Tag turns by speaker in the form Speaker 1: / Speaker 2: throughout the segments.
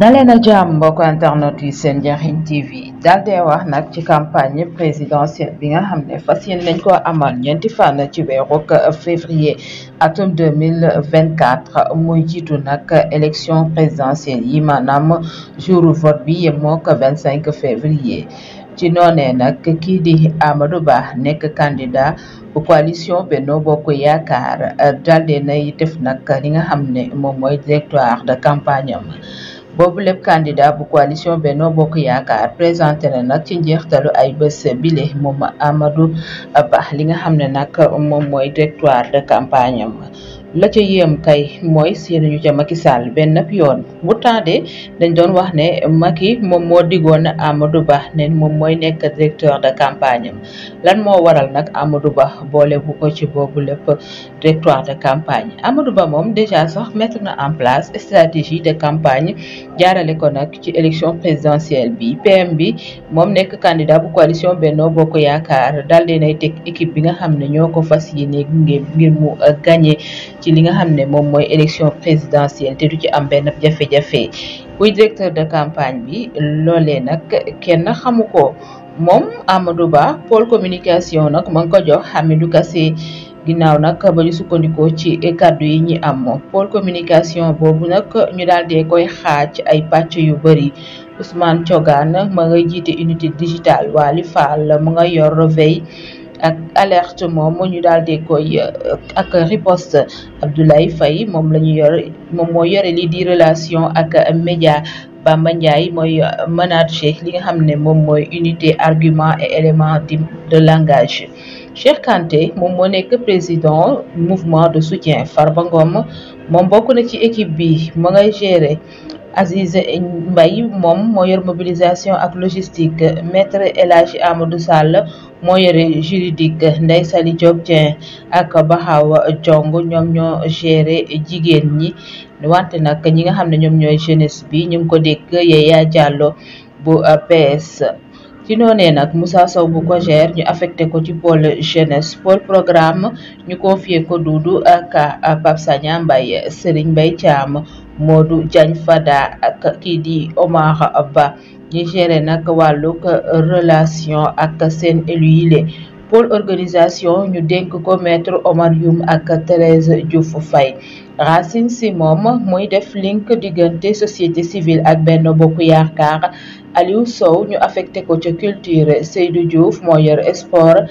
Speaker 1: daleen a jàmm mbokk internet yi seen njariñ TV daal dee wax nag ci campagne présidentielle bi nga xam ne fas yéene nañ ko amal ñeenti fan ci weeru février atum 2024 mooy jiitu nag élection présidentielle yi maanaam jour vote bi yemoo ko cinq février ci noonee nag kii di Amadou Ba nekk candidat bu coalition Benno Bokk Yaakaar daal nay def nag li nga xam ne moom mooy directoire de campagne am boobu lépp candidat bu coalition noo Bokk Yaakaar présenté na nag ci njeextalu ay bés bile moom Amadou Ba li nga xam ne nag moom mooy directoire de campagne la ca yéem kay mooy ñu ca maki Sall benn yoon bu tardé dañ doon wax ne Macky moom moo digoon Amadou Ba ne moom mooy nekk directeur de campagne lan moo waral nag Amadou Ba boole bu ko ci boobu lépp directoire de campagne Amadou Ba moom déjà sax mettre na en place stratégie de campagne jaarale ko nag ci élection présidentielle bi PM bi moom nekk candidat bu coalition Benno Bokk Yaakaar daal di nay teg équipe bi nga xam ne ñoo ko fas yéene ngir mu gagné. ci li nga xam mom moy élection présidentielle té du ci am benn jafé jafé kuy directeur de campagne bi lolé nak kenn xamuko mom Amadou Ba pôle communication nak mang ko jox Hamidou Kassé ginnaaw nak ba ñu sukkandikoo ci kàddu yi ñi am pôle communication bobu nak ñu daal koy xaaj ay patch yu bari Ousmane Thiogan ma ngay jité unité digitale Waly Fall mu nga yor veille Alertement, mon moom ñu daal koy euh, ak riposte Abdoulaye Faye mon lañu yor mom mo yoré li di relation ak média Bamba Ndiaye mooy euh, manager li nga xamné ne moy unité argument et élément de langage Cheikh Kanté mon mo nek président mouvement de soutien Farba Ngom moom bokk na ci équipe bi ma ngay gérer Aziz Mbaye mom moo yor mobilisation ak logistique maître El Hadji Amadou Sall moo yore juridique Ndeye Saly Diop Dieng ak Baxaw Jong ñoom ñoo gérer jigéen ñi wante nag ñi nga xam ne ñoom ñooy jeunesse bi ñu ngi ko dégg Yaya Diallo bu PS ci nag Moussa Sow bu Cogère ñu affecté ko ci pôle jeunesse pôle programme ñu confié ko Doudou ak Pape Sagna Mbaye Serigne Mbaye Thiam moo du Diagne Fada ak kii di Omar Ba ñi nag wàllug relation ak seen élu yile pôle organisation ñu dénk ko maître Omar Youm ak Thérèse Diouf Faye Racine si moom muy def link diggante société civile ak Benno Bokk Yaakaar Aliou Sow ñu affecté ko ca culture Seydou Diouf moo yor sport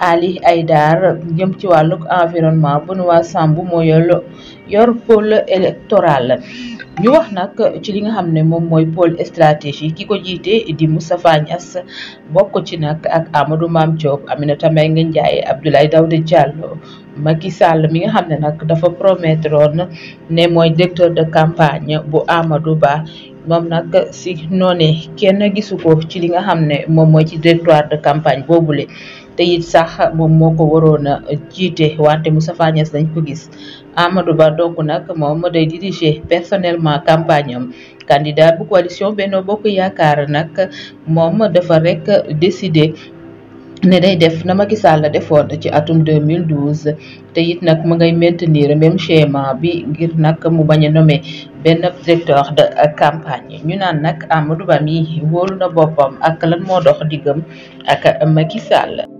Speaker 1: Ali Haïdar jëm ci wàllug environnement Benoît Sambou moo yor yor pôle électoral ñu wax nag ci li nga xam ne moom mooy pôle stratégie ki ko jiite di Moustapha Niass bokk ci nag ak Amadou Mame Diop Aminata Mbengue Ndiaye Abdoulaye Daouda Diallo Macky Sall mi nga xam ne nag dafa promettre woon ne mooy directeur de campagne bu Amadou Ba moom nag si noone kenn gisu ko ci li nga xam ne moom mooy ci directoire de campagne boobule. te it sax moom moo ko waroon a jiite wante Moustapha Niasse dañ ko gis Amadou Ba donc nag moom day diriger personnellement campagne am candidat bu coalition Benno Bokk Yaakaar nag moom dafa rek décider. ne day def na Macky Sall la defoon ci atum 2012 te it nag mu ngay maintenir même schéma bi ngir nag mu bañ a nommé benn directeur de campagne ñu naan nag Amadou Ba mi wóolu na boppam ak lan moo dox diggam ak Macky